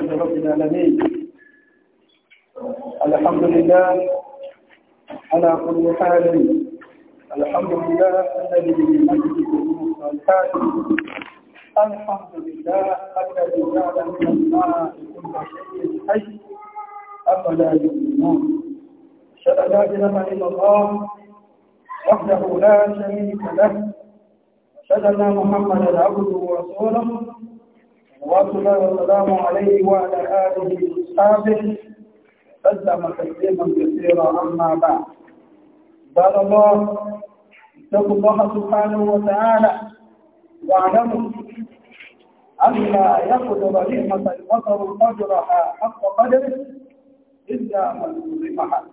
لله رب العالمين الحمد لله على كل حال الحمد لله الذي بنعمته الصالحات الحمد لله الذي جعل من الماء كل شيء حي افلا يؤمنون اشهد ان لا اله الا الله وحده لا شريك له اشهد ان محمدا عبده ورسوله صلوات الله وسلامه عليه وعلى آله وصحبه قدم تسليما كثيرا أما بعد قال الله اتقوا الله سبحانه وتعالى واعلموا ان لا يقدر نعمة البصر قدرها حق قدره إلا من ظلمها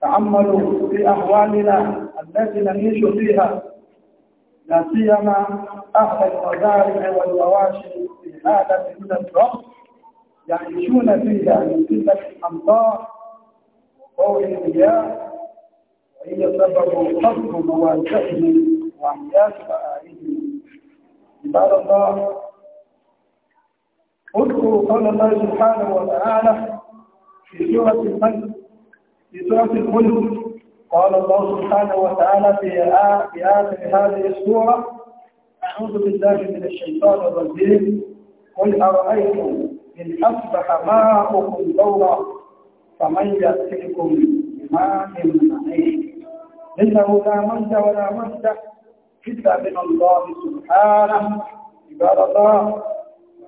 تعملوا في أحوالنا التي نعيش فيها لا سيما أهل المزارع والرواشد في هذا من الوقت يعيشون فيها من قلة الأمطار أو المياه وهي سبب قصد مواجههم وعياش بآلهم عباد الله اذكروا قول الله سبحانه وتعالى في سورة الملك في سورة الملك قال الله سبحانه وتعالى في في آخر هذه السورة أعوذ بالله من الشيطان الرجيم قل أرأيتم إن أصبح ماؤكم دورا فمن يأتيكم بماء معين إنه لا مجد ولا مجد إلا من الله سبحانه عباد الله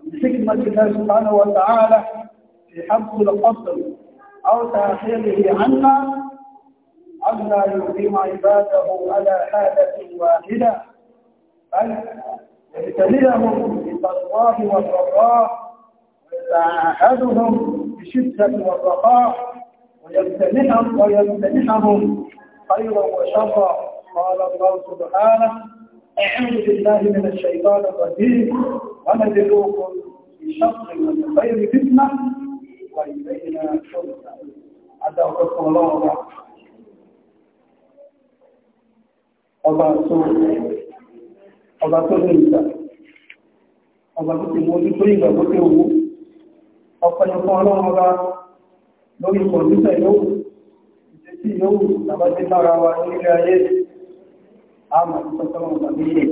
من حكمة الله سبحانه وتعالى في حفظ القصر أو تأخيره عنا عما يقيم عباده على حالة واحدة بل يبتليهم بالضراء والضراء ويتعاهدهم بشدة والرخاء ويمتنحهم ويمتنحهم خيرا وشرا قال الله سبحانه أعوذ بالله من الشيطان الرجيم ونبلوكم بشر وبخير فتنة وإلينا ترجعون عز وجل الله ọba tó ní ìgbà ọba tó ti mú ojú tó ìgbà tó tẹ́ owó ọpẹlẹ fún ọlọ́run ọba lórí kọ̀ǹdíṣẹ̀ yóò ìṣesí yóò tàbátí lára wa ní ilé ayé àmà ìtọ́sọ́rọ̀ ọba nílé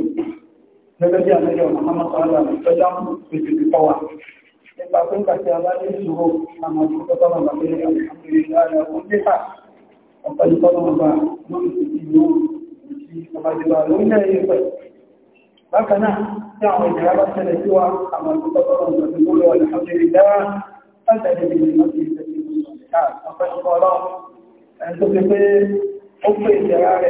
gẹ́gẹ́ bí àmẹ́jọ Muhammad sọ́lá ìtọ́já pèsè ti fọ́wà nípa pé kàtí aláyé ìṣòro àmà ìtọ́sọ́rọ̀ ọba nílé àmì ìṣòro ìlànà ọdún nípa ọpẹlẹ fọ́lọ́run ọba lórí ìṣesí yóò ọmọdébà lórílẹ̀ ayé pẹ̀. Bákan náà, tí àwọn ìjọba bá ṣẹlẹ̀ sí wa, àwọn ìjọba bá wọn lọ́dún lórí wà alhamdulillah, láti ẹni bìí lọ sí ìfẹ́ sí ìfẹ́ ọpẹ́ ọkọ̀ ọlọ́run. Ẹni tó fi pé ó pè ìjẹra ń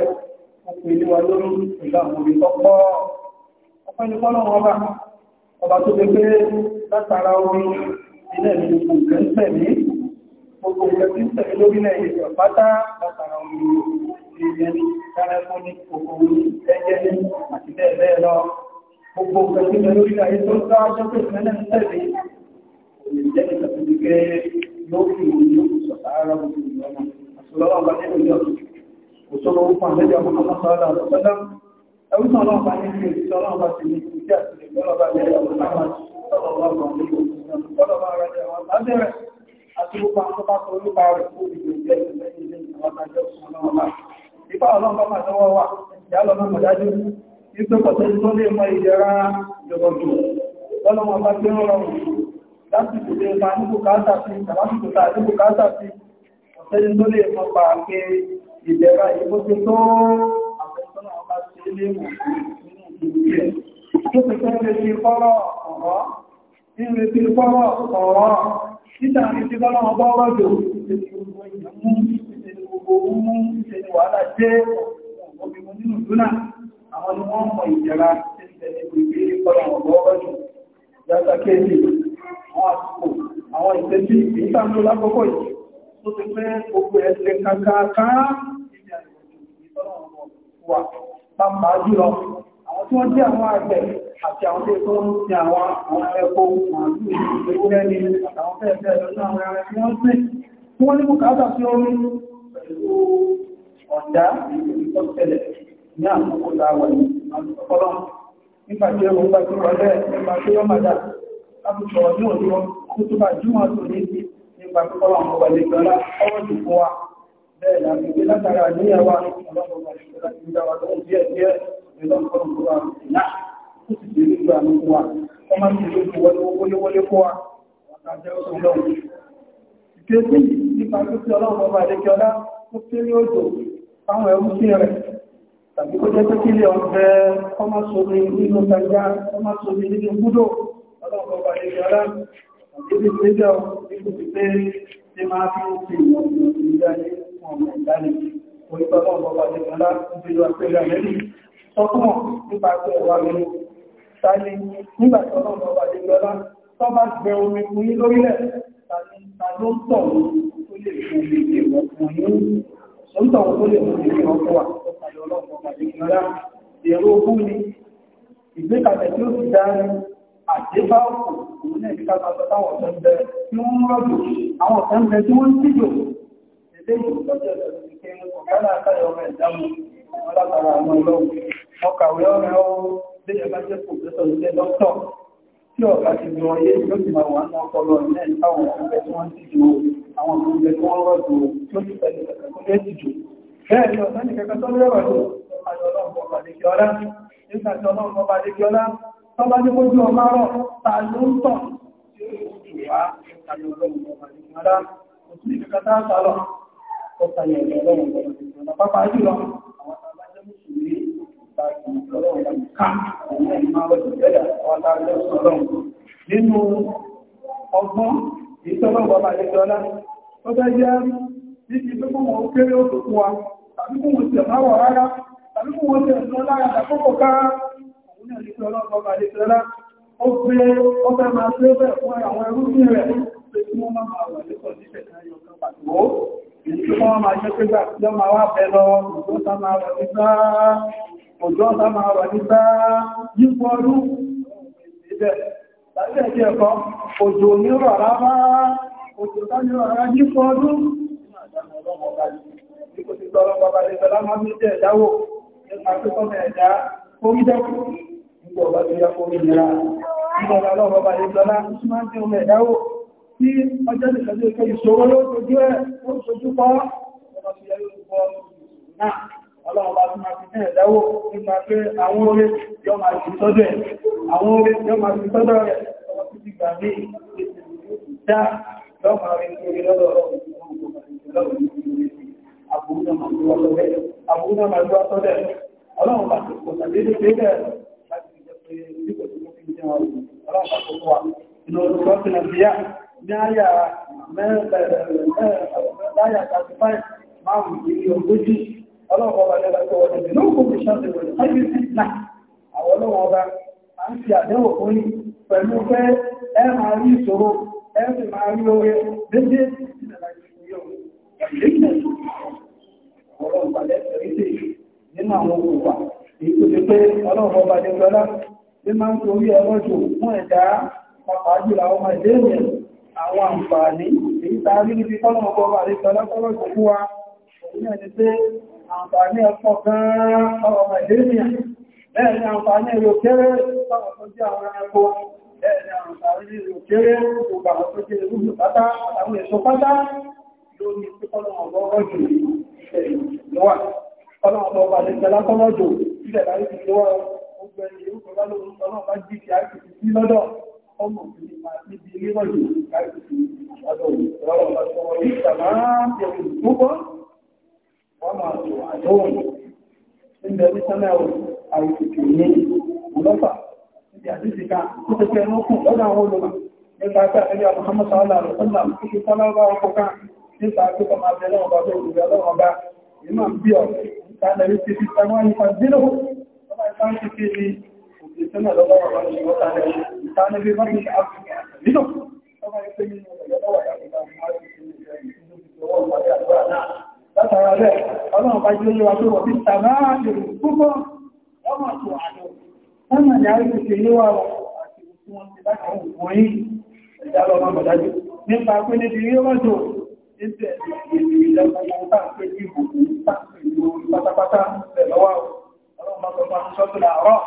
tẹ̀lé, lórílẹ̀ ìjọ pátá látara orí ìrìn kárẹ́kọ́ní òkòwò ẹgbẹ́ àti bẹ́ẹ̀ bẹ́ẹ̀ lọ gbogbo ìgbẹ̀sílẹ̀ lórí ayé tó ń sáájú pé ìfẹ́lẹ̀ ń tẹ̀lé ìjẹ́ ìgbẹ̀sílẹ̀ yóò fi ìrìn yóò sọ̀tàárà gbogbo ìrọ̀mọ̀ àtúlọ́wọ́ bá nínú ìjọ́ òṣòro ó fún àlejò ọmọ ọmọ sọ́ọ́dà lọ́sọ́dá ẹwùsàn náà bá nínú ìrìn ọlọ́run bá ti ní ìjẹ́ àti ìgbọ́lọ́bà lẹ́yìn ọmọ ọmọ sọ́ọ́dà lọ́sọ́dá àti gbogbo àwọn tó bá sọ orúkọ rẹ̀ fún ìgbẹ̀sílẹ̀ lẹ́yìn ọmọ ọmọ ìpá ọlọ́pàá máa tọwọ́ wà ìyálọ́ náà mọ̀ dájú ìpẹ́pọ̀ tó tó lè mọ ìjẹra jọgọjù lọ́lọ́wọ́ bá gbé rọrùn lásìkò lè máa ní bùkátà sí tàbásìkò tàà ní bùkátà sí ọ̀sẹ́ni tó lè mọ pa pé ìjẹra ìgbóṣe tó àfẹ́sọ́nà ọba sí ilé ìwọ̀n nínú ìgbìyànjú ẹ̀ tó ti fẹ́ lè fi fọ́rọ̀ ọ̀rọ̀ ìrètí fọ́rọ̀ ọ̀rọ̀ títà ní òun mú ìṣẹ́ ni wàhálà jẹ́ òmìnú nínú ìdúnà àwọn ni wọ́n mọ ìjẹra tí ń tẹ̀lé ìgbé ìkọlọ̀ ọ̀gọ́gọ́jù yàtà kéèkì àwọn àsìkò àwọn ìtẹ́jú ìtàndó lákọ́kọ́ yìí tó ti pẹ́ gbogbo ẹ̀sẹ̀ kankanká wà pàpàá jùlọ àwọn tí wọ́n jẹ́ àwọn àgbẹ̀ àti àwọn ni àtàwọn fẹ́ẹ̀fẹ́ omi pẹ̀lú ọ̀dá ìgbèríkọ́ tẹ̀lẹ̀ ní àkókò láwọn àtọ́kọ́lọ́ nípa tí ó gbà tí wọ́n lẹ́ nípa tí ó máa dà lábùsọ̀ ní òjò kó tó bá jùmọ̀ tó ní nípa kọ́kọ́lọ́ ọmọ wà lè gbọ́lá ọwọ́ jù fún wa bẹ́ẹ̀ láti gbé látara níyàwó ọlọ́pàá wà láti gbé wa lóhun díẹ̀ díẹ̀ ìlọ́pọ̀lọpọ̀ wa náà ó sì gbé nígbà mú wa ọmọ sì ló fi wọlé wọlé wọlé fún wa wà ká jẹ́ ó sọ lọ́wọ́ ó tí ní òjò fáwọn ẹ̀rú sí rẹ̀ tàbí kó jẹ́ pẹ́kí ilé ọ̀fẹ́ kọ́mọ́sọ́mí nínú gbàgbá kọ́mọ́sọ́mí nínú gúdò ọlọ́pàá ìjọ ọlá tàbí ibi ìgbẹ́jọ́ nígbò ti pé tí máa fi ń fi ìwọ̀n ìrìnlẹ̀ ọmọ ìdálẹ̀ orí pẹ́kọ́ ọlọ́pàá ìjọ ọlá ń fi lọ pẹ́lú àmẹ́lì sọ́kùnmọ̀ nípa pé ẹ̀wà mi sáyé lè fún bí ìdè wọn fún yín ó ń tọ̀wọ́ tó lè fún ìdè wọn fún wa ó pàdé ọlọ́pàá pàdé ìrọ̀lá èrò ogún ni ìgbékalẹ̀ tí ó ti dá ní àdébá òkú òun náà ti kápá sọ táwọn ọ̀sán bẹ tí wọ́n ń rọ̀jò àwọn ọ̀sán bẹ tí wọ́n ń tìjò ilé ìgbòkọ́jọ́ ìṣẹ̀lẹ̀ ti kí ọ̀gá náà sáyọ ọmọ ìdámù wọn látara àwọn ọlọ́run wọn kàwé ọ̀rẹ́ ó déyẹ bá jẹ́ kò gbẹ́sọ̀ ilé lọ́tọ̀ tí ọ̀gá ti gbọ́ yé yóò ti máa wà ní ọpọlọ náà táwọn ọ̀sán bẹ tí wọ́n ń tìjò àwọn ìgbẹ̀ tó wọ́n rọ̀dù tí ó ti pẹ̀lú ẹ̀kọ́ jù bẹ́ẹ̀ ni ọ̀sán ní kẹ́kẹ́ tó lẹ́rọ̀ tó ayọ̀lọ́pọ̀ pàdé kí ọlá nígbà tí ọlọ́pọ̀ pàdé kí ọlá tó bá ní kójú ọmọ rọ̀ ta ló ń tọ̀ tí ó ti wá ayọ̀lọ́pọ̀ pàdé kí ọlá ó ti kẹ́kẹ́ tá a lọ ó tayọ ọlọ́pọ̀ pàdé kí ọlá pápá jùlọ àwọn tàbá jẹ́ mùsùlùmí ta ìjọlọ́pọ̀ pàdé ká òun ẹ̀ máa rọ̀ ìtọ́lọ́wọ́ bá lè jọlá ó bẹ́ jẹ́ títí tó kún wọn kéré ó tó fún wa tàbí kún wọn tẹ̀ máa wọ̀ rárá tàbí kún wọn tẹ̀ lọ lára àkókò kára òun náà ní tọ́lọ́wọ́ bá lè jọlá ó gbé ó fẹ́ máa tó bẹ̀ fún àwọn ẹrúfin rẹ̀ pé kí wọ́n máa wà lẹ́kọ̀ọ́ nífẹ̀ẹ́ kan yọ kan pàtó èyí tí wọ́n máa jẹ́ pé gbà tí wọ́n máa wá bẹ lọ òjò ọ̀tá máa rọ̀ òjò nírọ̀ rábá òjò tánírọ̀ rárá ní fọ́ọ̀dún Tí ọjọ́ ìṣẹ́lú ìfẹ́ ìṣòro ló tójú ẹ̀ ó ṣojú pọ́, ọmọ ti yẹ yóò pọ́ náà, ọlọ́run bá tún máa fi ní ẹ̀dáwó nípa pé àwọn orí yọ máa fi tọ́jọ́ rẹ̀ títí gbàgbé dá lọ́mọ rẹ̀ kiri lọ́dọ̀ Àbúrúdà màlúwà tọ́dẹ̀. Ọlọ́run bá ti kò tàbí lé pé bẹ́ẹ̀ láti jẹ́ pé bí kò tí ó fi jẹ́ ọ̀rọ̀. Ọlọ́run bá tó wà. Inú olùkọ́ fi nà bíyà ní àyà mẹ́rẹ̀ márùn-ún ìrí ogójì ọlọ́pọ̀ ọba lẹ́gbẹ̀ẹ́ wọ̀nyẹ̀ lókùn ìṣàtẹ̀wọ̀n pẹ̀lú pé ẹ máa rí ìṣòro ẹ sì máa rí oore dédé nínú àwọn òkùnfà èyí tó ti pé ọlọ́run ọba ní ọlá ní máa ń torí ẹ̀rọ jù fún ẹ̀dá pàpàá jùlọ àwọn ọmọ ìdé ènìyàn àwọn àǹfààní èyí tààrí níbi kọ́lọ̀mọ̀ ọba àti ọlá kọ́lọ̀ jù fún wa òun náà ni pé àǹfààní ẹ̀kọ́ gan-an ọmọ ìdé ènìyàn bẹ́ẹ̀ ni àǹfààní ẹ̀rọ kéré sọ̀rọ̀ tó jẹ́ àwọn ẹranko ẹ̀rẹ̀ àrùn tàbí ìrùkéré gbogbo àwọn tó jẹ́ ìrùkú pátá àwọn èso pátá ló ní pípọ́lọ̀ ọ̀rọ̀ ọ̀rọ̀ jù ìṣẹ̀lẹ̀ lọ́wà ọlọ́ọ̀bọ̀ ọba lè jẹ́ látọ́lọ́ jù ìṣẹ̀lẹ̀ láti fi lọ́wọ́ ọgbẹ̀ ìrùkú bá lóòrùn ọlọ́ọ̀ bá jí kí á sì sí lọ́dọ̀ ọmọ òfin máa níbi ilé rọ̀ jù káàkiri ọdọ̀ ìrọ̀rọ̀ bá sọ wọ́n yàtíṣìká ó ti fẹ́ mọ́kùn lọ́dọ̀ àwọn olùmọ̀ nípa pé àtẹ́lẹ́ Muhammad sallallahu alaihi wasallam kí ṣe tọ́lọ́gbà ọkọ̀kan nípa pé ọmọ abẹ́lẹ́ ọba tó olùgbẹ́ ọlọ́run ọba ìmọ̀ ń bí ọ̀rẹ́ ìtàlẹ̀ rí ti fi tàwọn nípa dínú ọba ìtàn ti fi ní òkèsọ́nà lọ́wọ́ ọ̀rọ̀ ìwọ́tàlẹ̀ ìtàlẹ̀ bí wọ́n ti ṣe àfihàn nínú ọba ìpé nínú ọ̀yọ́lọ́wọ̀ yàtọ̀ látara bẹ́ẹ̀ ọlọ́run bá jẹ́ yíwa tó wọ̀ bí tàbá àjò púpọ̀ lọ́mọ̀ tó àjò Táwọn àdáyé ti ṣe níwà àti òkú wọn ti láti àwọn òkú yìí, ẹ̀dá lọ máa mọ̀dájú. Nípa pé ní ti rí ọmọdé, níbẹ̀ ìjọba ìjọba pàpẹ́ ìbò pàpẹ́ ìlú pátápátá bẹ̀ lọ́wọ́ ọlọ́run máa sọ sọ́tún àárọ̀.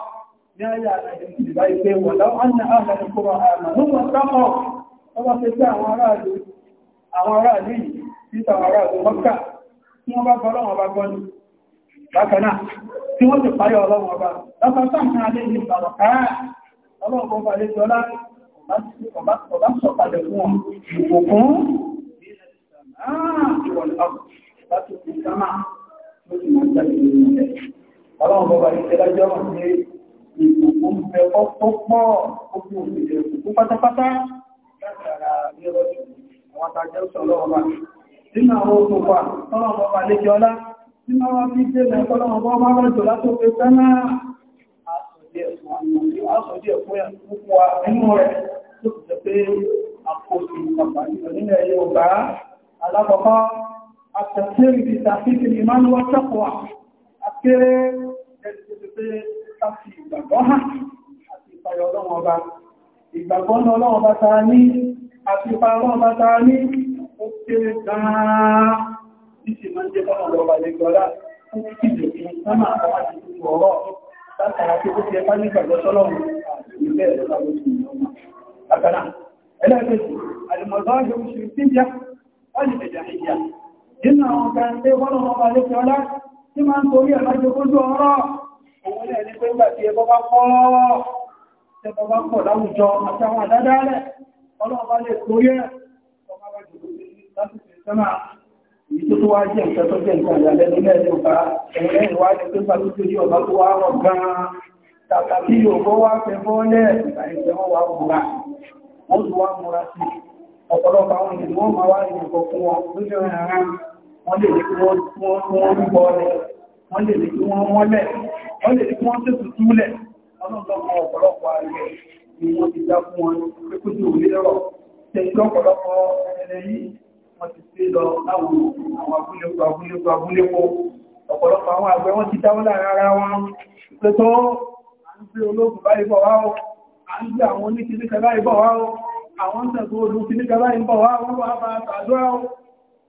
Ní ayé àdáyé ti báyìí pé wọ̀n láwọn àná àgbàdo kúrò àmà nínú ọ̀sápọ̀ ọba ṣe bákanáà tí wọ́n ti parí ọlọ́run ọba lọ́pàá sáàkàn ní ìbàrọ̀ káà àwọn àtàjẹ́ sọ̀rọ̀ ọba nínú àwọn òṣùpá tọ́lọ́run ọba lè jọlá tí máa wá bí dé lẹ́kọ́lọ́ ọgbọ́n máa lọ́jọ́ látọ́pẹ́ sánà àṣọ̀dẹ̀ fún wa nínú rẹ̀ tó ti jẹ́ pé àkóso pàtàkì nílẹ̀ Yorùbá alákọ̀ọ́kọ́ àtẹ̀sẹ́rì ti tàfíkì ní máa ń wá tẹ́kọ̀ọ́ akéré ẹgbẹ̀rẹ̀ káfí ìgbàgbọ́ hàn àti ìpayọ̀ ọlọ́wọ́ ọba ìgbàgbọ́ náà ọlọ́wọ́ bá ta ní àti ìpayọ̀ ọlọ́wọ́ bá ta ní ó kéré gan títí máa ń jẹ́ bọ́nà lọ́wọ́ àlẹ́gbọ́lá fún ìjọ kí sánmà àwọn àti ọ̀rọ̀ látara tí ó ti ẹ̀fá ní ìgbàgbọ́ sọ́lọ́run ìgbẹ́ ẹ̀lọ́ta ló ti ìyọ́mà. Àkàrà, ẹlẹ́gbẹ̀ẹ́sì, àdìmọ̀lọ́ àjọ oṣù tí ìyá, wọ́n lè bẹ̀jà ìyá. Nínú àwọn kan tẹ́ wọ́n lọ́wọ́ bá lé fiọlá tí máa ń torí ẹ̀lájọ kójú ọ̀rọ̀. Òun náà ní pé ń gbà tí ẹbọ bá pọ̀, tẹ́bọ bá pọ̀ láwùjọ àti àwọn àdádálẹ̀, ọlọ́wọ́ bá lè torí ẹ̀ ìtú tó wá jẹ́ ìṣẹ́ tó jẹ́ nǹkan ìyàlẹ́nu lẹ́nu bá ẹ̀rẹ́ ìwádìí tó bá lójú ní ọ̀bá tó wá rọ̀ gan-an tàbí kí ògbó wá fẹ́ bọ́ọ̀lẹ̀ ìgbàlẹ̀ wọ́n wá múra wọ́n tún wá múra sí ọ̀pọ̀lọpọ̀ àwọn ènìyàn wọ́n máa wá ìrìnkọ̀ fún wọn lójú ara wọ́n lè ní kí wọ́n rí bọ́ọ̀lẹ̀ wọ́n lè ní kí wọ́n mọ́lẹ̀ wọ́n lè ní kí wọ́n wọ́n ti sí lọ láwọn àwọn abúlékò abúlékò abúlékò ọ̀pọ̀lọpọ̀ àwọn àgbẹ̀ wọ́n ti dáwọ́ láàrin ara wọn pé tó à ń gbé ológun báyìí bọ̀ wá o à ń gbé àwọn oníkìníkà báyìí bọ̀ wá o àwọn tẹ̀sùn olùkìníkà báyìí bọ̀ wá o wọ́n bá tàdúrà o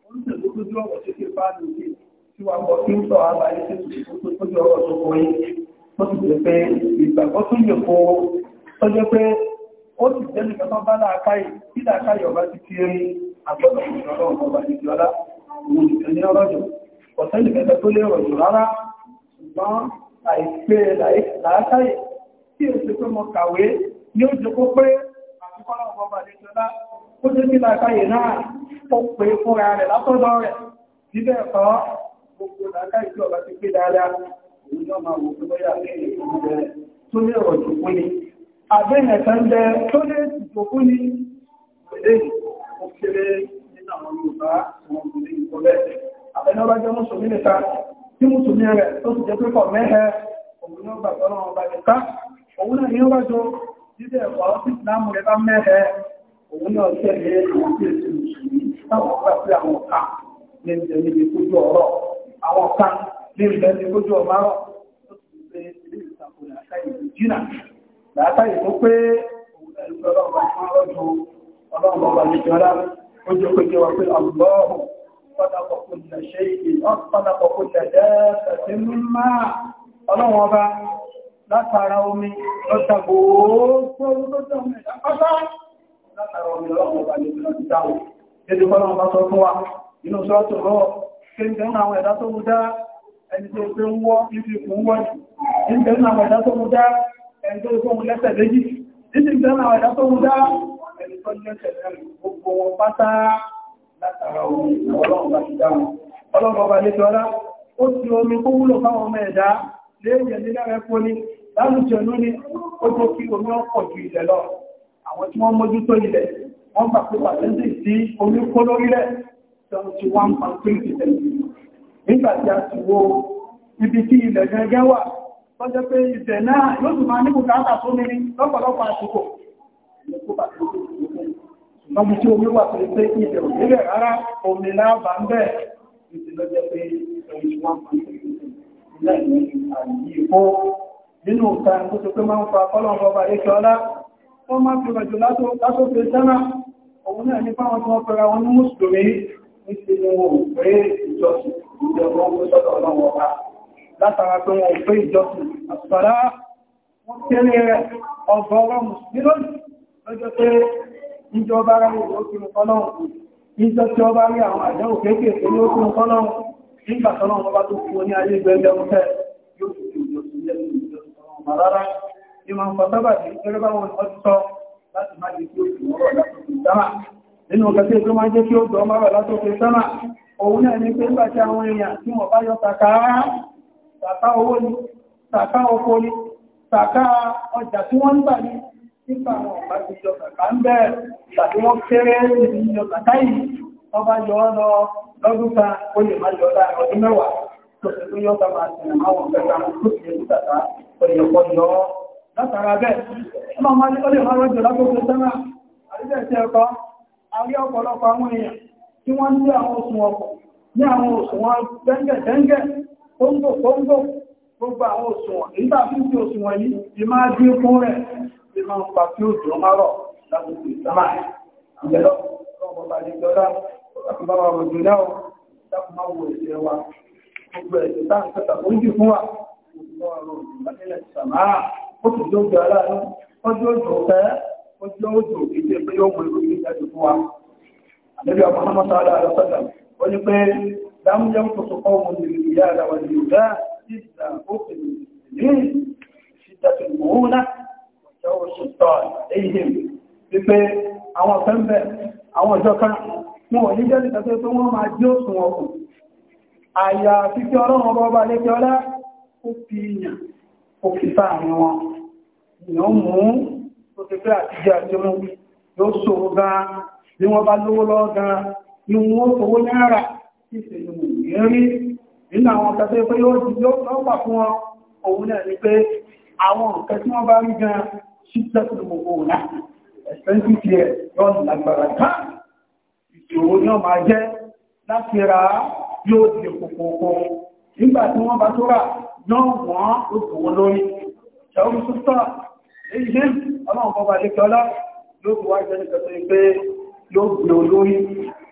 wọ́n tẹ̀sùn lójú ọ̀rọ̀ tó ké bá lòdì tí wàá bọ̀ kí ń sọ àbáyé agbọ́dọ̀ ìṣọ́lọ́ ọ̀sẹ́ nìkẹta tó lé ọ̀rọ̀ rárá ṣùgbọ́n àìpé làákàyè tí o ṣe pé kàwé ní ó jẹ́kó pé àtúkọ́lọ́ ọba ìjọlá ó jẹ́ ní làákàyè náà ó pé fúnra rẹ̀ látọ́dọ̀ rẹ̀ síbẹ̀ kọ́ gbogbo làákàyè tí ọba ti pé dáadáa òun yóò máa wò pé bóyá akéèrè tó lé ọ̀rọ̀ jù fún ni àbẹ́yẹ̀kan bẹ tó lé jù fún ni pẹ̀lẹ́ yìí kéré nínú àwọn Yorùbá wọn kò ní ìkọ́ bẹ́ẹ̀. Àbẹ̀nà bá jẹ́ mùsùlùmí nìta tí mùsùlùmí rẹ̀ tó sì jẹ́ pípọ̀ mẹ́hẹ òun náà gbàgbọ́ náà ọba nìta. Òun náà yóò bá jọ jíjẹ́ ẹ̀kọ́ sí ìsìlámù rẹ̀ bá mẹ́hẹ òun náà tẹ̀lé àwọn tí èsì mùsùlùmí táwọn gbà sí àwọn ọ̀ka ní ìjẹ́ níbi kójú ọ̀rọ̀ àwọn ọ̀ka ní ìjẹ́ níbi kójú ọ̀márọ̀ tó sì ṣe ilé ìtàkùn àtàyè jìnnà látàyè tó pé òun náà lọ́wọ́ ọlọ́run ọba nìjọra ó jẹ́ pé jẹ́wà pé àlọ́run pátákọ̀kọ̀ ní ṣe ìdí pátákọ̀kọ̀ tẹ̀lẹ́ tẹ̀lẹ́ mímá ọlọ́run ọba látara omi lọ́ta gbogbo tó tẹ̀ omi ìdápátá látara omi ọlọ́run ọba nìjọra ti dáwọ̀ gẹ́gẹ́ bọ́lọ́run bá sọ fún wa inú sọ́ọ̀tù rọ̀ kéńtẹ́ ń àwọn ẹ̀dá tó mú dá ẹni tó ṣe ń wọ́ ibi ìkùn wọ́ ní ìgbẹ́ ń àwọn ẹ̀dá tó mú dá ẹni tó ṣe ń lẹ́sẹ̀ àtẹnitọ́lẹ́sẹ̀ náà gbogbo wọn pátá látara omi ọlọ́run bá ti dá wọn ọlọ́run ọba lẹ́tọ́ ọlá ó ti omi kó wúlò fáwọn ọmọ ẹ̀dá léèjẹ̀ ní lára ẹ̀kọ́ ni lálùjẹ̀nú ni ó tó kí omi ọkọ̀ ju ilẹ̀ lọ àwọn tí wọ́n mójútó ilẹ̀ wọ́n gbà pé pàtẹ́ńtì sí omi kó lórílẹ̀ seventy one point three percent nígbà tí a ti wo ibi tí ilẹ̀ gẹ́gẹ́ wà lọ́jọ́ pé ibẹ̀ náà yóò tún máa níbùkátà tó ní lọ́pọ̀lọpọ̀ àsìkò lọ́gbọ́n tí omi wà pẹ̀lú pé ìdẹ̀ òdílẹ̀ rárá omi láàbà ń bẹ̀ ìdílọ́jẹ́ pé ẹ̀yìn tí wọ́n pàdé ìlẹ̀ ní àyíkó nínú ìta tó ti pé máa ń fa kọ́lọ̀n ọba ètò ọlá wọ́n máa fi rẹ̀jù látòkè sẹ́nà òun náà ní fáwọn tí wọ́n fẹ́ra wọn ní mùsùlùmí ní ti ní wọn ò pé ìjọsìn ìjọba ọgbọ́n sọ́dọ̀ ọlọ́wọ́ ọba látara pé wọn ò pé ìjọsìn àtùpàdá wọ́n tẹ́lẹ̀ rẹ̀ ọgbọ̀ọ̀rọ̀ mùsùlùmí lọ́jọ́ pé níjọ bá rí òkúrùn kọ́lọ́run níjọ tí ó bá rí àwọn àdánwò kéékèèké ní òkúrùn kọ́lọ́run nígbà tọ́lọ́run ọba tó fún ní ayé gbẹ́gbẹ́ ọmọ fẹ́ yóò fi ìjọ sílẹ̀ ìjọ sọ̀rọ̀ rárá ìmọ̀ nǹkan sábàbí gẹ́gẹ́ ni pé nígbà tí àwọn èèyàn tí wọ́n bá yọ tàkà owó ni tàkà oko ni tàkà ọjà tí wọ́n ń gbà ni nígbà àwọn ọ̀pá ti yọ kàkà ń bẹ́ẹ̀ tàbí wọ́n ó lè yọ ọdún mẹ́wàá tó tó yọ́ látara bẹ́ẹ̀ ọmọ ó lè tí máa ń pa kí òjò má rọ̀ lásìkò ìsámà ìjẹ́lọ́ ọmọ bá lè jọra láti bá wa wọ̀ jù náà láti máa wọ ìṣẹ́ wa gbogbo ẹ̀sìn tá à ń tẹ́ta ó ń jì fún wa gbogbo ọ̀rọ̀ ìgbàlẹ̀ ìsàmà ó sì jọ òjò aláàánú ọjọ́ òjò fẹ́ ọjọ́ òjò ìdí pé yóò mọ ìròyìn ìjáde fún wa ń kòtò kọ́ ọmọ ìrìn ìyá àdáwà ìrìn ìdá ìdá ó pè ní ìdí ìṣídàtì mòónà ṣọ́wọ́ ṣùtọ́ èyí wípé àwọn ọ̀fẹ́ ń bẹ̀ àwọn ìjọ kan wọn ò ní jẹ́ nìkan tó wọ́n máa jí òsùn ọkùn àyà fífí ọlọ́run ọba ọba lẹ́kẹ́ ọlá ó fi yàn ó fi sáàrin wọn ìyàn mú tó ti pé àtijọ́ àti mú yóò ṣòro gan bí wọ́n bá lówó lọ́wọ́ gan ni wọ́n fowó náírà sí ìṣèlú ìrírí nínú àwọn ọ̀kẹ́ tó pé yóò jù yóò pà fún wọn òun náà ni pé àwọn ọ̀kẹ́ tí wọ́n bá rí gan ṣíṣẹ́kùnmọ̀gbọ̀nà ẹ̀sẹ́ntì tí ẹ̀ yọ́n lágbàrà kan ìṣòro ní ọmọ ajẹ́ láti ra yóò di kòkòkò nígbà tí wọ́n bá tó rà náà wọ́n ó tòwó lórí ṣàwọn sọ́tọ̀ èyí ní ọlọ́run kọba lẹ́kọ́lá yóò fi wájẹ́ ní kẹta pé yóò gbé olórí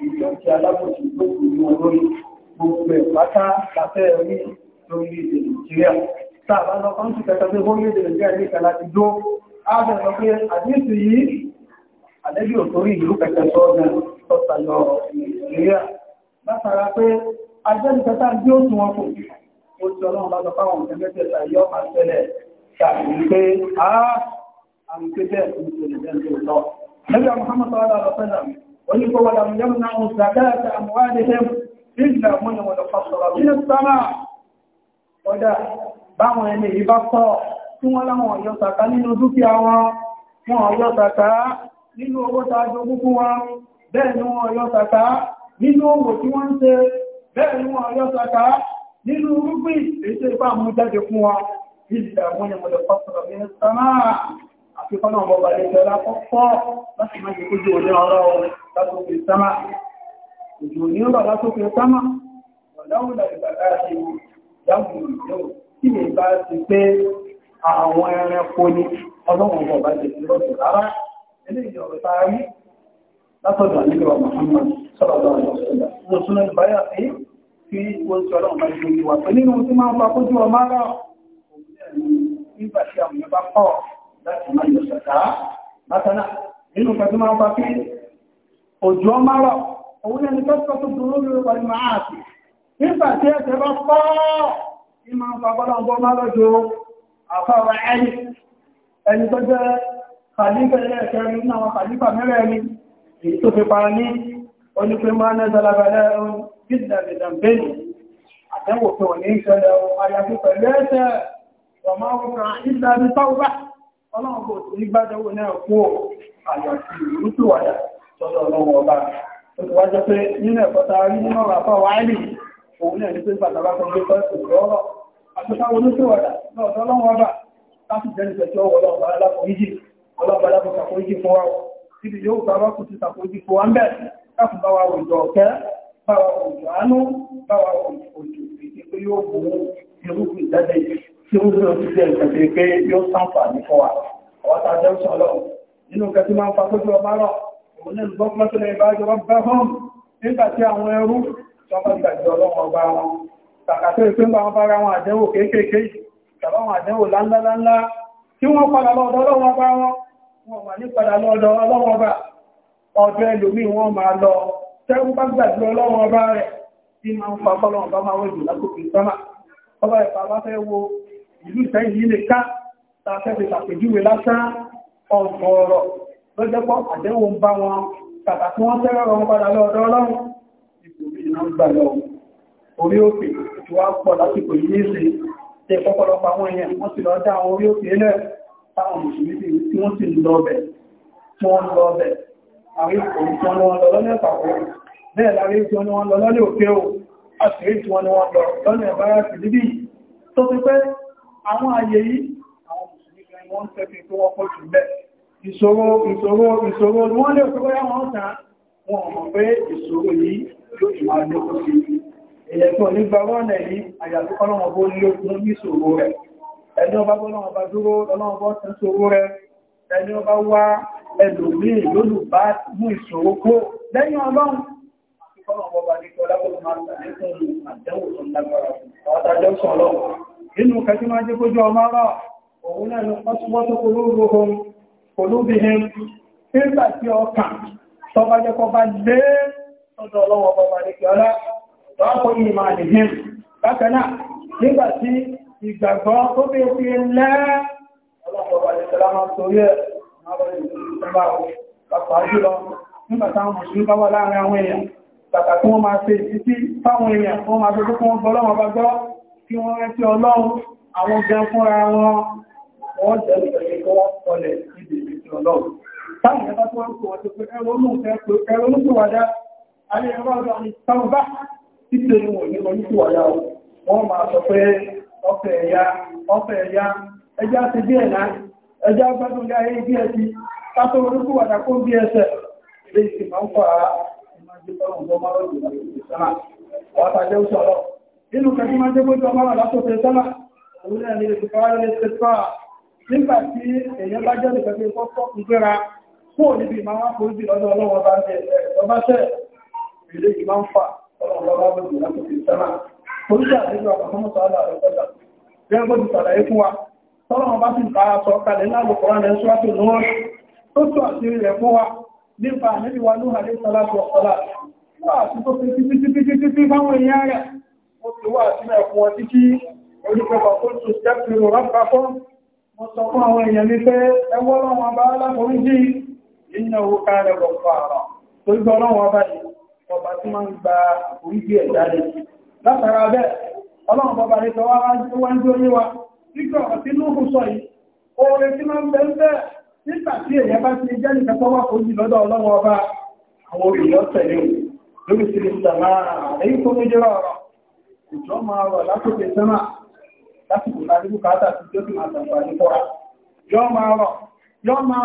ìjọsí alábòsí tó kù ní olórí gbogbo ẹ̀pátá láfẹ́ rí lórílẹ̀-èdè Nàìjíríà sáà bá lọ kọ́ńtì kẹta pé orílẹ̀-èdè Nàìjíríà ní kẹta ti dó ábẹ̀rẹ̀ pé àdíṣù yìí àdẹ́bí ò torí ìlú kẹ̀kẹ́ sọ́ọ̀dẹ̀ sọ́tàlọ ìrìnlẹ́yà látara pé ajẹ́lùkẹta bí ó tún wọn kò ó ti ọlọ́run bá sọ fáwọn òṣèlú mẹ́tẹ̀ẹ̀ta yọ máa tẹ́lẹ̀ tàbí pé a àmì pé bẹ́ẹ̀ tó ń tẹ̀lé bẹ́ẹ̀ tó lọ. Nígbà Muhammad sallallahu alaihi wasallam oníkó wọ́n dàmú yẹ́mù náà ń sàkáyàtà àmúwádìí ìgbà múnà wọn lọ fọ́sọ̀rọ̀ nínú sámà. Kọ́dà báwọn ẹni yìí bá tí wọ́n láwọn ọ̀yọ́ tàkà nínú dúkìá wọn wọn ọ̀yọ́ tàkà nínú owó ni wọn ọ̀yọ́ tàkà nínú owó tí wọ́n ń ni wọn ọ̀yọ́ tàkà nínú rúgbìn ètò ipá mú jáde fún wa ìdílé àwọn ìmọ̀lẹ̀ pọ́sọ̀rọ̀ ní sàmáà àti kọ́nà ọ̀bọ̀bà lè jọra pọ́pọ́ láti má jẹ́ kójú òní ìjọ tí lè bá ti pé àwọn ẹranko ní ọlọ́run ọba jẹ́ lọ́sùn rárá ilé ìjọba sáárí látọ̀dọ̀ nílùú Muhammad sọ́lọ́dọ̀ àjọsọ́lá mo tún lọ báyà sí kí ó ń sọ ọlọ́run bá jẹ́ ìwà pé nínú tí máa ń pa kójú ọmọ rà nígbà tí àwọn ẹbá pọ̀ láti máa yọ ṣẹ̀dá látàná nínú pẹ̀lú máa ń pa pé òjò ọmọ rà òun ẹni tó sọ tó burú lórí wà ní máa àti nígbà tí ẹsẹ̀ bá pọ̀ ní máa ń pa bọ́lá ọgbọ́n má lọ́jọ́ àfáwà ẹni ẹni tó jẹ́ kàlífà ẹlẹ́ẹ̀kẹrin nínú àwọn kàlífà mẹ́rẹ̀ẹ́rin èyí tó fi para ní onípe máa ná zalabalẹ̀ ẹ̀rùn bídàbìdàmbéni àtẹ́wò pé wọ́n ní ìṣẹ̀lẹ̀ àyàfi pẹ̀lú ẹ̀ṣẹ̀ ọmọkùnrin ìdàbí tọ́wọ́ ọlọ́run kò sí gbádẹ́wò náà kú àyàfi ìrútùwàdà tọ́jọ́ àtàwọn olóṣèwàdà lọ́ọ̀dọ́ ọlọ́run ọba láti jẹ́ ìfẹ̀tẹ́ ọwọ́ ọlọ́ọ̀bà alákòójì ọlọ́ọ̀bà alákòójì fún wa síbi yóò bá wá kù sí sàkójì fún wa ń bẹ̀ láti bá wa òjò ọ̀kẹ́ bá wa òjò àánú bá wa òjò ìdí pé yóò bú irúgbìn jáde tí ó lọ sí jẹ́ ìfẹ̀tẹ́ pé yóò sàǹfààní fún wa ọwọ́ ta jẹ́ sọ ọlọ́run nínú nǹkan tí máa ń fa kójú ọba rọ̀ òun ní ìgbọ́kúnlẹ̀ ìbájọ́ bá hàn nígbà tí àwọn ẹrú tí wọ́n bá gbàgbé ọlọ́run ọba wọn kàkàtọ́ ìpín bá wọn bára wọn àdẹ́wò kéékèèké tàbá wọn àdẹ́wò láńláńlá tí wọ́n padà lọ́dọ̀ ọlọ́wọ́ bá wọn wọn wà ní padà lọ́dọ̀ ọlọ́wọ́ bá ọdọ̀ ẹlòmí wọn máa lọ tẹ́rù bá gbàgbé ọlọ́wọ́ bá rẹ̀ tí máa ń fa kọ́lọ́wọ́ bá máa wọ́jù lákòókè sọ́mà ọba ìpa bá fẹ́ wo ìlú ìsẹ́yìn yìí lè ká ta fẹ́ fi ṣàpèjúwe lásán ọ̀gọ̀ọ̀rọ̀ lọ́jọ́pọ̀ àdẹ́wò ń bá wọn kàkà tí wọ́n tẹ́rọ̀ wọn padà lọ́dọ̀ ọlọ́run ipò bí iná ń gbà lọ orí òkè tó wá pọ̀ lásìkò yìí léṣe tẹ fọ́pọ̀lọpọ̀ àwọn èèyàn wọ́n sì lọ dá àwọn orí òkè lẹ̀ táwọn mùsùlùmí tí wọ́n sì lọ bẹ̀ tí wọ́n lọ bẹ̀ àwọn èèyàn tí wọ́n lọ lọ́lẹ́ ìpàkọ́ bẹ́ẹ̀ láàrin tí wọ́n lọ lọ́lẹ́ o àṣírí tí wọ́n lọ lọ́lẹ́ ìbára sí níbí tó ti pẹ́ àwọn àyè yìí àwọn mùsùlùmí kan wọ́n fẹ́ fi tó wọ́pọ̀ jù bẹ́ẹ̀ ìṣòro ìṣòro ìṣòro wọ́n lè fẹ́ wọ́n tàn wọ́n mọ̀ pé ìṣòro yìí yóò máa lókùn sí èyẹ̀kọ́ nígbà wọ́nà yìí àyàtí ọlọ́wọ́n bó lókun ní ṣòro rẹ̀ ẹni ọba gbọ́lọ́wọ́n bá dúró ọlọ́wọ́n bọ́ tẹ́ ṣòro rẹ̀ ẹni ọba wá ẹlòmíì lólùbá mú ìṣòro kó lẹ́yìn ọlọ́run Inú kẹtí máa jẹ́ kójú ọmọ rọ̀, òun náà ló pọ́sùwọ́tò olóòrùn olóbìnrin, nígbà tí ọkàn tọ́bájẹ́kọ́ bá lé ọdọ̀ ọlọ́wọ́ bọ́bá ní kí ọlá rọ́pọ̀ ìmọ̀ àdìhìn bákanáà nígbà tí ìgbàgbọ́ tó bí i lẹ́ ọlọ́pọ̀ ìsìlámà torí ẹ̀ máa bọ́ ìgbàgbọ́ pàpàá jùlọ nígbà táwọn mùsùlùmí bá wà láàrin àwọn èèyàn pàtàkì wọ́n máa ṣe ìsìtí fáwọn èèyàn wọ́n máa fẹ́ kókún ọlọ́wọ́ bá gbọ́ kí wọ́n rántí ọlọ́run àwọn gan fúnra wọn wọ́n jẹ́ ìgbẹ̀rẹ̀ kọ́ ọlẹ̀ níbi ìrìntì ọlọ́run táwọn ẹ̀bá tó wọ́n kò wọ́n ti pé ẹwọ́n mú fẹ́ pé ẹwọ́n mú sí wàdá alẹ́ títẹ̀ inú òní lọ ní ìwàyà o wọ́n máa sọ pé ọ̀fẹ́ ẹ̀yà ọ̀fẹ́ ẹ̀yà ẹjá ti díẹ̀ náà ẹjá gbádùn ní ayé díẹ̀ sí kátó orúkú wàdà kó bí ẹsẹ̀ ilé ìsìn máa ń fà á ìmájẹ́ tọ́rùn tó máa lọ́dún láti ọmọ ọlọ́run bá bá bọ̀dù láti fi sẹ́mà oríṣi àdéjọ àkọ́kọ́ sọ́ọ́lá rẹ̀ sọ́dà bí wọ́n bọ̀dù sàlàyé fún wa tọ́lọ́run bá sì bá sọ kalẹ̀ lálùkọ́ rẹ̀ sọ́tò lọ́wọ́ tó tó àṣírí rẹ̀ fún wa nípa àníbi wa lóhà ní sọ́lá tó ọ̀la wọ́n àti tó fi títí títí títí tí fáwọn èèyàn rẹ̀ ó ti wá àtúnà ẹ̀kún wọn títí olùpẹ̀pà kó tó sẹ́kì rò rápá fún mo sọ fún àwọn èèyàn ní pé ẹwọ́ lọ́wọ́ bá láforíjì ìyẹn ọba tí máa ń gba oríṣi ẹ̀dá lè látara bẹ́ẹ̀ ọlọ́run bọ́ba ní sọ wá ń jó wa nígbà ọ̀rọ̀ lóhùn sọ yìí oore tí máa ń ń nígbà tí bá ti jẹ́ ọba àwọn olùyọ́ tẹ̀lé lórí sí ní sàmà èyí tó ọ̀rọ̀ ìjọ máa rọ̀ lásìkò sẹ́mà lásìkò bùkátà tí ó máa tàbí máa rọ̀ máa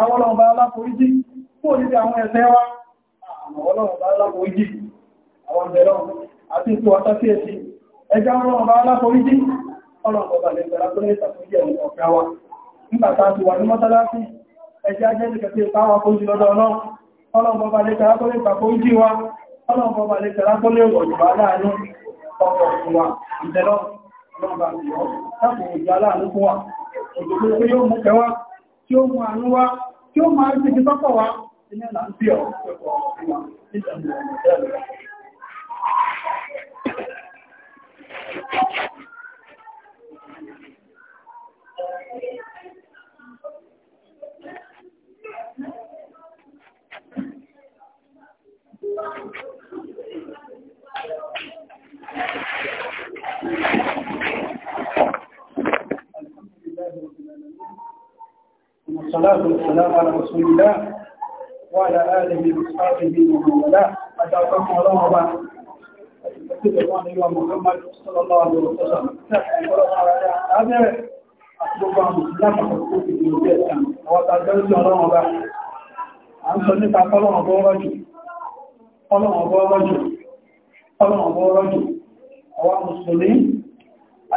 àwọn ọlọ́run bá aláforíjì kúrò níbi àwọn ẹ̀ṣẹ̀ wa àwọn ọlọ́run bá aláforíjì àwọn ìbẹ̀rẹ̀ àti tó wa a wà ní mọ́sálásí ẹjá jẹ́ ìkẹtì ìpáwà lè tẹ̀rá tó lè wa tí ó mú àánú wá tí ó máa rí tọ́pọ̀ wá ilẹ̀ là ń ọ̀ Thank you. والصلاة والسلام على رسول الله وعلى آله وأصحابه ومن والاه أتعطاكم الله وبعد محمد صلى الله عليه وسلم هذا أطلب مسلم حقوق الإنسان وتعجلت الله وبعد عن سنة قلم أبو رجل قلم أبو رجل قلم أبو رجل أو مسلمين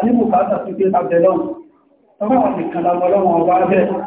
أليم كاتا سيدي عبد الله طبعا كان الله وبعد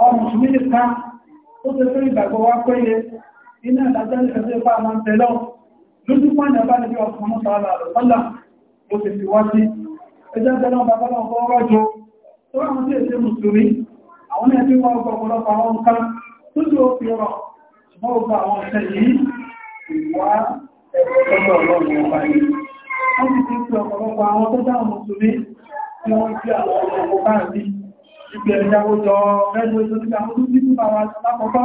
àwọn mùsùlùmí nìkan ó ti fẹ́ ìgbàgbọ́ wá péye iná ìdájọ́ nìkan tó bá máa ń tẹ̀lọ́ lójú pọ́nà bá níbi ọkùnrin mọ́ta ọ̀la àlọ́sọ́là ó ti fi wá sí ẹjọ́ tẹ́lọ́ bàbá náà fọ́ rọ́jò tó rà wọn sí èdè mùsùlùmí àwọn ẹbí wọn gbọ́ ọ̀pọ̀lọpọ̀ àwọn nǹkan tó ti ó fi rọ̀ ṣùgbọ́n ó gba àwọn ìṣẹ́ yìí ti ọ̀pọ̀lọpọ̀ àwọn tó dáhùn mùsùlùmí tí wọ́n jẹ́ àwọn ọmọ ọkọ̀ báyìí ìgbẹ̀ ìyàwó ẹgbẹ̀ ìjọdíkà ó tún títí bàwà lápọ̀pọ̀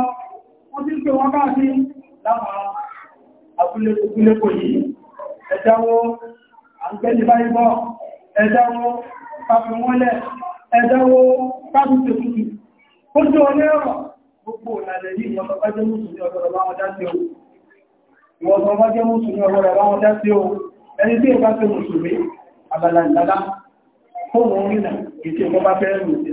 wọ́n tí ń pè wọ́n bá sí láwọn abúlékò yìí ẹjáwó àgbẹ́lì báyìí ẹjáwó pàfẹ́ ẹjáwó pàfẹ́ tuntun ó tí ó bá fẹ́ mùsùlùmí sí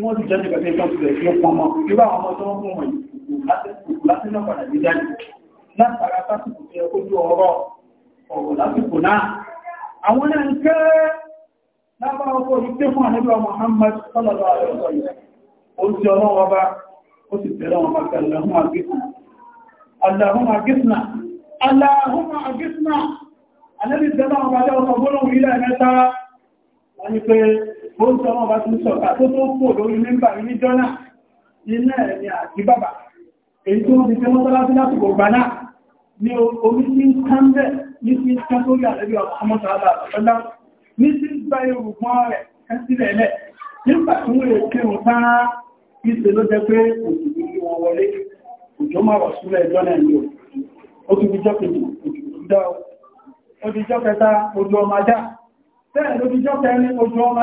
tí wọ́n ti jẹ́ nígbà tí wọ́n ti rẹ̀ fún ọmọ nígbà àwọn ọmọ tó ń fún wọ̀nyí kò láti náà padà ní dájú látara sásìkò tó yẹ kó ju ọ̀rọ̀ ọ̀rọ̀ lásìkò náà àwọn náà ń kẹ́ lábá ọkọ̀ ìgbé fún àníbà Muhammad sọ́lọ́lọ́ àyọ̀sọ̀ yìí ó ti ọlọ́wọ́ bá ó sì tẹ̀lé wọn bá tẹ̀lé ọmọ àgbésùn Allahumma àgbésùn Allahumma àgbésùn Ànábì tẹ̀lé wọn bá tẹ̀lé ọkọ̀ gbọ́lọ́wọ́ ilẹ̀ mẹ́ta wọ́n ni pé ó ń sọ wọn bá tún sọ̀tà tó tó kú lórí mẹ́mbà ní jọ́nà iná ẹ̀mí àti bàbá èyí tó ti tẹ́wọ́n tọ́lá sí láti gbogbo náà ni omi ti ń kán bẹ́ ní ti ń kán sórí àlẹ́bí ọmọsàálà àtọ́lá ní ti ń gba erùpọ̀n rẹ̀ kán sílẹ̀ lẹ̀ nígbà tí wọ́n èké wọn tán ìṣe ló jẹ́ pé òjò ní wọn wọlé òjò máa rọ̀ sílẹ̀ ẹjọ́ náà ni ó ti fi jọ́ kejì òjò dá ó ti jọ́ kẹta ojú ọmọ bẹ́ẹ̀ ló ti jọ́ kẹrin ojú ọmọ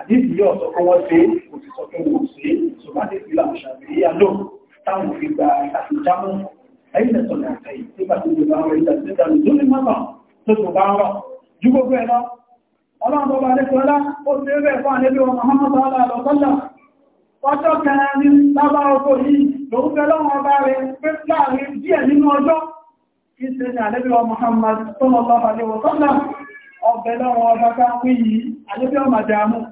àdíjì yóò sọ fún wọ́n ṣe kò sì sọ fún wọ́n ṣe ṣùgbọ́n àti ìfìlà òṣàbíyà lò táwọn fi gba àti jámù ẹ̀yìn ẹ̀sọ̀nà àtẹ̀yìn nígbà tí ó bá ń rẹ̀ ìdàgbẹ́ta lórí mọ́nà tó tó bá ń rọ̀ ju gbogbo ẹ̀ lọ ọlọ́run bọ́bá alẹ́kọ̀ọ́lá ó ti rẹ̀ fún àlébí wọn Muhammadu aláàlọ́sọ́lá ọjọ́ kẹrin ní lábá ọkọ̀ yìí lòun fẹ́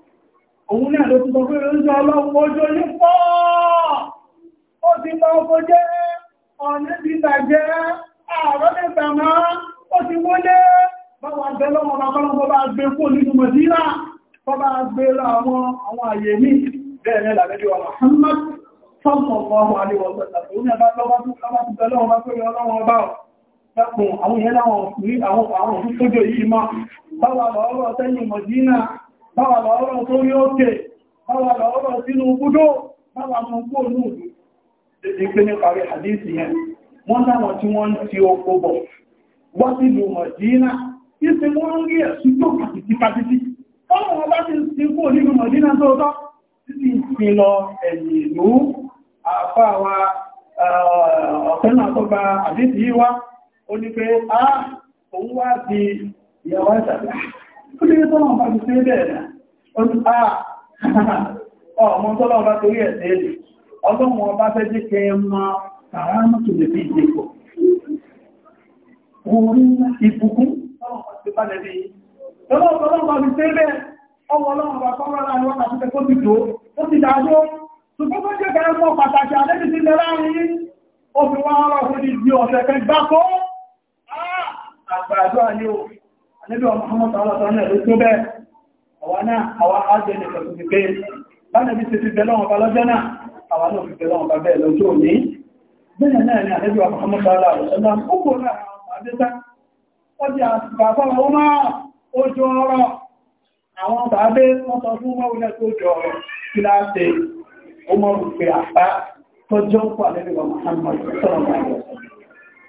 òun náà ló sọ pé oúnjẹ ọlọ́run ojú ní pọ́ ó ti lọ ọkọ̀ jẹ́ ọ̀nà ti bàjẹ́ ààrọ́ mẹ́ta máa ó ti wọlé báwọn àgbẹ̀lọ́wọ́ lọ́wọ́ bá gbé kó nínú mọ̀sílá tó ní bẹ́ẹ̀ ní tó lọ́wọ́ tó tẹ́lọ́wọ́ bá pé ọlọ́wọ́ bá dákùn àwọn ìyẹ́ láwọn òfin tó jò yìí máa báwọn lọ́wọ́ tẹ́yìn mọ̀dínà báwa lọ ọ̀rọ̀ tó rí òkè báwa lọ ọ̀rọ̀ sínú búdó báwa mọ kó ní ìlú tètè pé ní parí àdíìsì yẹn wọ́n láwọn tí wọ́n ń ti oko bọ̀ wọ́n sì lù mọ̀ dínà ìsì wọ́n ń rí ẹ̀sùn tó pàtìtì pàtìtì ọ̀rọ̀ wọn bá ti wa ọ̀fẹ́ náà tó gba àdíìsì yìí wá ó ní ah, Kí ló yẹ tọ́lọ̀ bá ti ṣe bẹ́ẹ̀ náà? Ó ti pa ọmọ tọ́lọ̀ bá torí ẹ̀ ṣe é lè. Ọlọ́run ọba fẹ́ jẹ́ kẹ mọ kàrámù tó lè fi ìdíkò. Orí ìbùkún tọ́lọ̀ bá ti bá lẹ́bí. Tọ́lọ̀ bá ti ṣe bẹ́ẹ̀ ọwọ́ ọlọ́run bá kọ́ rárá ni wọ́n kà síkẹ́ tó ti tó, ó ti dájọ́. Ṣùgbọ́n tó jẹ́ kẹrẹ mọ́ pàtàkì àlẹ́bí ti lẹ láàrin yìí, ó fi wá ọlọ́run ní ibi ọ̀sẹ̀ kẹ níbi ọmọ ọmọta alátọ́nà ló tó bẹ́ẹ̀ àwa náà àwa ájẹ́ nìkan tó fi pé bá nẹ́bí ti fi bẹ̀lọ́wọ̀n bá lọ́jọ́ náà àwa náà fi bẹ̀lọ́wọ̀n bá bẹ́ẹ̀ lọ́jọ́ òní bẹ́ẹ̀ náà ni àdébí ọmọ ọmọta alátọ́nà ó kò náà àwọn àdéta ọjà bàbá wọn máa ó jọ ọ̀rọ̀ àwọn bàbá wọn sọ fún mọ́ ilẹ̀ tó jọ ọ̀rọ̀ kí láti ó mọ́ rùpẹ̀ àpá tọ́jọ́ pọ̀ àdébí ọmọ ọmọta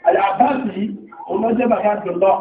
alátọ́nà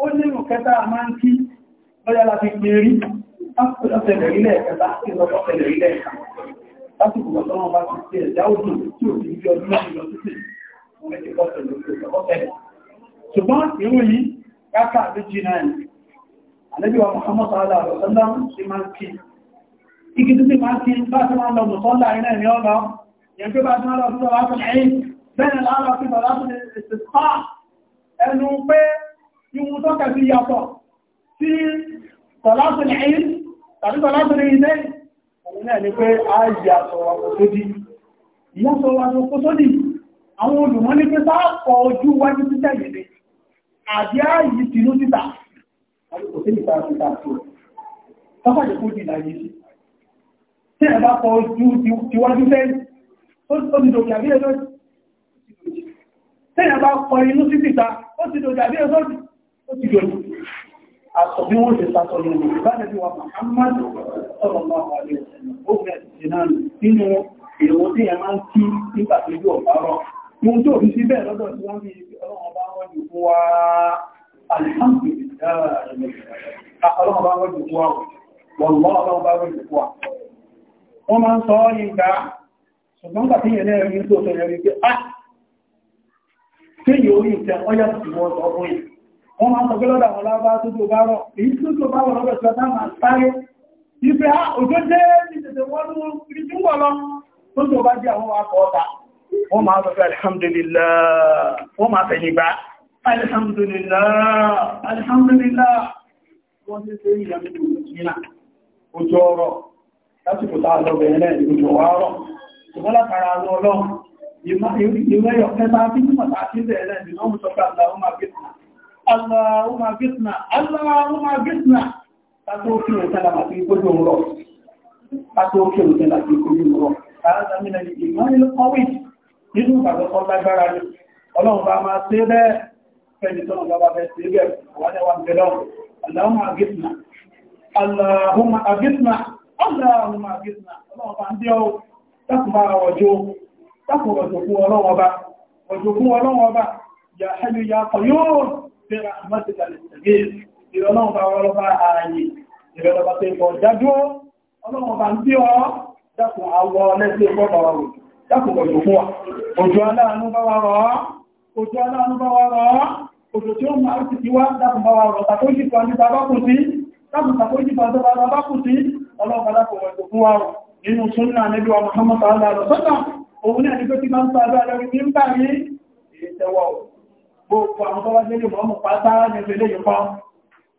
ó nínú kẹta máa ń kí lọ́yá láti pè rí lọ́sẹ̀lẹ̀ ilẹ̀ ẹ̀kẹta sí lọ́sẹ̀lẹ̀ ilẹ̀ ẹ̀ka lásìkò lọ́sọ́wọ́n bá ti ṣe ẹ̀dá òdùn tí ò sí ọdún mẹ́rin lọ títì wọ́n ti lọ́sẹ̀lẹ̀ ṣùgbọ́n ìrun yìí káàkà méjì náà ni àlẹ́bí wa Muhammad sallallahu alaihi wasallam ṣe máa ń kí igi títí máa ń kí bá tí wọ́n lọ mùsọ́lá iná ẹ̀mí ọ̀nà yẹn pé bá tí wọ́n lọ sí ọ̀rọ̀ àtúnṣe bẹ́ẹ̀ lára sí ọ̀rọ̀ àtúnṣe ẹnu pé ìwù tọ́ka sí yàtọ̀ sí tọ̀lásìlẹ̀ ẹ̀yìn tàbí tọ̀lásìlẹ̀ ilẹ̀ òun náà ni pé a yàtọ̀ àkótódì ìyàtọ̀ àkótódì àwọn olùmọ́ ní pé sáàkọ̀ ojú wájú títẹ̀ yìí àbí ààyè tìlú títà Tí ẹ bá kọ ojú tiwájú sẹ́yìn, ó ti dòkè àbí ẹjọ́ ìsìn. Tí ẹ bá kọ inú sí títà, ó ti dòkè àbí ẹjọ́ ìsìn ó ti jẹ́ àtọ̀ bí wọ́n ṣe sàtọ̀ lórí ìbánẹ́bí wa Muhammad sallallahu alaihi wasallam ó fẹ́ ti náà nínú èrò tí ẹ máa ń kí nígbà tó yóò bá rọ̀ ohun tó fi síbẹ̀ lọ́dọ̀ tí wọ́n fi ọlọ́run bá wọ́n jù fún wa alhamdulillah ọlọ́run bá wọ́n jù fún wa wọ́n lọ́ ọlọ́run ah tí yóò rí ìtẹ́ ọyá ti wọ́n sọ wọ́n máa sọ pé lọ́dà wọn lábá tó tó bá rọ̀ èyí tó tó bá wọ̀ lọ́dọ̀ tí ọ̀tá máa sáré ìfẹ́ ah, òjò dé ní tètè wọ́n ní ibi tí wọ́n lọ tó tó bá jẹ́ àwọn akọ̀ ọ̀tá wọ́n máa sọ pé alhamdulillah wọ́n máa fẹ̀yìn bá alhamdulillah alhamdulillah wọ́n ti ṣe ìyàmí ìrìnà ojú ọrọ̀ lásìkò tá a lọ bẹ̀rẹ̀ náà ìrìnà wà rọ̀ ṣùgbọ́n látara àwọn ọlọ́run ìwẹ́yọ̀ kẹta tí mọ̀ tá a ti bẹ̀rẹ̀ náà ìrìnà ọmọ sọ pé àtàwọn máa bẹ̀rẹ̀ Allahumma gísnà, Allahumma gísnà, tàbí òkè òtẹ́lá àti ìgbójú òmùrọ̀. Tàbí òkè òtẹ́lá àti ìgbójú òmùrọ̀. Tàbí àmì nàìjíríà ìmọ̀ ìlú kọ́wìt nínú ìbàdọ́kọ́ lágbára ni. Ọlọ́run bá máa ṣe bẹ́ẹ̀ fẹ́ni tọ́nà bá bá fẹ́ ṣe bẹ́ẹ̀ wọ́n ni wọ́n ń bẹ̀rẹ̀ ọ̀rọ̀. Allahumma gísnà, Allahumma gísnà, Allahumma gísnà, Ọlọ́run bá ń dé ọ́ tákùnbára ọjọ́ tákùnbọ̀jọ̀ fún ọlọ́wọ́ bá. Ọjọ́ fún ọlọ́wọ́ bá, yà hẹ́lú yà kọ̀ yóò برحمتك نستغيث ìrọ̀lọ́wọ́ bá wọ́n lọ́pàá ààyè ìrọ̀lọ́pàá tó ìbọn jádúó ọlọ́wọ́ bá ń bí ọ dákùn àwọ lẹ́sí ẹgbọ́ bàwà rò dákùn pẹ̀lú fún wa òjò aláàánú bá wà rọ̀ òjò aláàánú bá wà rọ̀ òjò tí ó máa ń ti wá dákùn bá wà rọ̀ tàkójì pa ní bàbá kù sí dákùn tàkójì pa tó bàbá kù sí ọlọ́wọ́ dákùn pẹ̀lú fún wa rò nínú súnnà níbi wa Muhammad sallallahu alaihi wasallam òun ní ẹni pé tí máa ń sáré alẹ́rí ní ń bá yí èyí gbogbo àwọn tó wá jẹ́ lèmọ́ ọmọ pátá nẹ́fẹ́ lè yọpá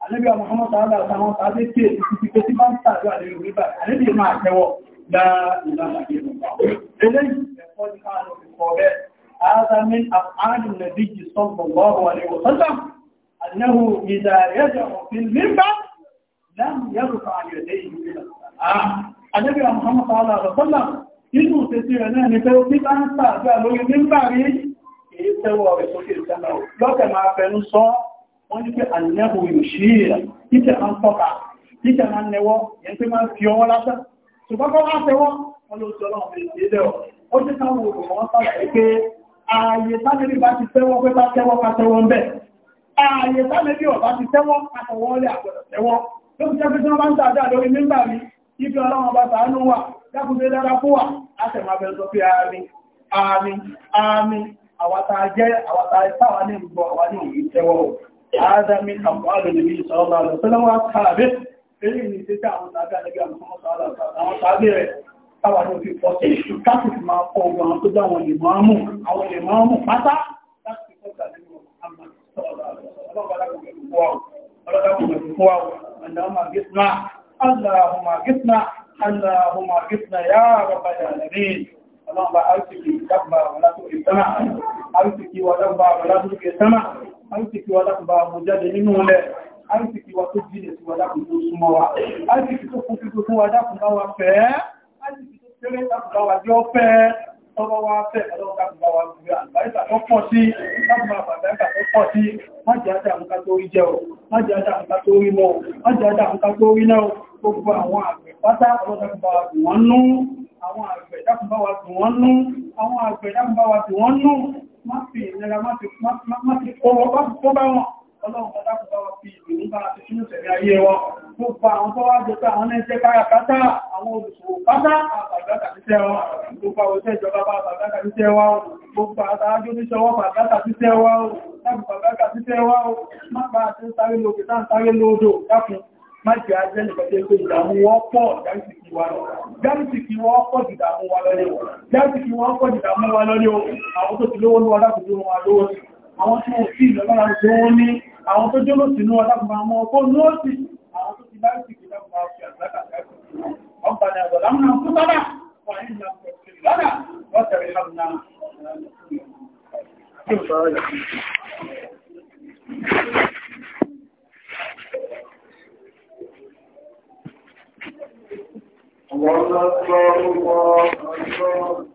alẹ́bí àwọn ọmọ tààdà àtàwọn tààdé tí èsì ti pé tí bá ń tààdé àdéhùn rí báyìí alẹ́bí máa tẹ́wọ́ dáa ìlànà ìrìnbà eléyìí ẹ̀kọ́ ní káàlù ìkọ̀ bẹ́ẹ̀ هذا من أفعال النبي inú tẹ̀sí rẹ̀ náà ni pé ó bí bá ń sàájú àlórí ní ń èyí tẹ́wọ́ rẹ̀ sókè sẹ́nà lọ́kẹ̀ máa fẹnu sọ wọ́n ní pé àníyàwó yóò ṣí rẹ̀ títẹ̀ máa ń tọ́ka títẹ̀ máa ń nẹwọ́ yẹn tí máa ń fi ọwọ́ lásán ṣùgbọ́n kọ́ wá tẹwọ́ wọn ló sọ lọ́wọ́ fi ìdílé ọ̀ ó ti káwọn olùkọ́ wọn sọ̀rọ̀ pé ààyè sábẹ́bí bá ti tẹ́wọ́ pé bá tẹ́wọ́ ká tẹ́wọ́ ń bẹ̀ ààyè sábẹ́bí ọ̀bá ti tẹ́wọ́ àtọwọ́lé àgbọ̀dọ̀ tẹ́wọ́ ló fi jẹ́ pé tí wọ́n bá ń tàdá lórí mímbà mi ibi ọlọ́wọ́n bá sàánú àwàtà jẹ́ àwàtà ìtàwà ní gbogbo àwà ní òyìn tẹ́wọ́ ádámi àpọ̀lẹ̀ ní sọ́lá rẹ̀ sọ́lọ́wà tààbí èyí ni títà àwọn tàbí àlẹ́gbẹ̀ àwọn tàbí rẹ̀ táwà ní òfin pọ́sẹ̀ ìṣù káàkì fi máa pọ̀ ogun àwọn tó dá àwọn lè máa mú اللهم أرسكي تقبى ولا تقري سمع أرسكي وتقبى ولا تقري سمع أرسكي وتقبى مجد منه لا أرسكي وتجد ولكم تسموا أرسكي تقفت ولكم أو فاء أرسكي تقفت ولكم أو tọ́bọ́ wá fẹ́ ọlọ́run tó pọ̀ pátá ọ̀dọ̀kùnbáwà tí wọ́n nú àwọn àgbẹ̀dàkùnbáwà tí wọ́n nú àwọn àgbẹ̀dàkùnbáwà tí wọ́n nú má fi ìnira má fi kó bá wọn ọlọ́run pàtàkùnbáwà fi ìlú bá ti sínú tẹ̀lé ayé wọn tó bá àwọn tó wá jẹ́ pé àwọn náà jẹ́ kára pátá àwọn olùsòwò pátá àbàgbàtà títẹ́ wọn gbogbo àwọn iṣẹ́ ìjọba bá àbàgbàtà títẹ́ wọn gbogbo àtàájú oníṣẹ́wọ́ àbàgbàtà títẹ́ wọn láti àbàgbàtà títẹ́ wọn má bá àti sáré lókè tá ń sáré lódò dákun májì ajẹ́lẹ̀ pẹ̀lú pé ìdàmú wọ́n pọ̀ dáríṣìkí wa lọ. dáríṣìkí wọ́n pọ̀ ìdàmú wa lọ́lé o. dáríṣìkí wọ́n o. àwọn tó ti lówó ní ọdá kò tó wọn lówó sí. àwọn tí wọ́n sí ìlọ́lára tó wọ́n ní àwọn tó jọ́lọ́ sí ní ọdá kùnmọ̀ ọmọ ọkọ́ lóòsì الله أكبر الله أكبر